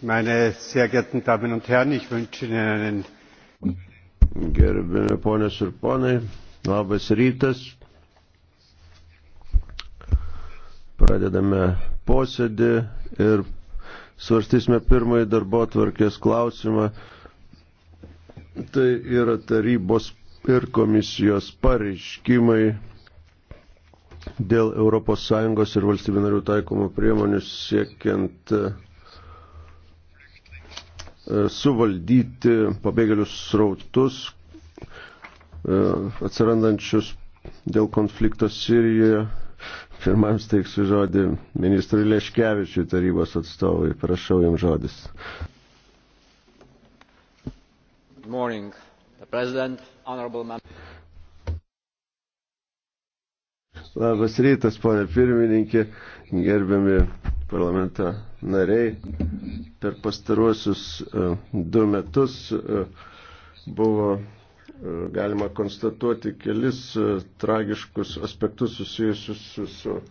Meine sehr geehrten Damen und Herren, ich wünsche Ihnen einen. Gerbimi ponės ir ponai, labas rytas. Pradedame posėdį ir svarstysime pirmąjį darbo tvarkės klausimą. Tai yra tarybos ir komisijos pareiškimai dėl ES ir valstybių narių taikomų priemonių siekiant E, suvaldyti pabėgėlius srautus e, atsirandančius dėl konflikto Sirijoje. Pirmam steiksiu žodį ministrui Leškevičiui tarybos atstovui. Prašau jam žodis. Good morning, the President, honorable members. Labas rytas, ponė pirmininkė, gerbiami parlamento nariai per pastaruosius e, du metus e, buvo e, galima konstatuoti kelis tragiškus aspektus susijusius su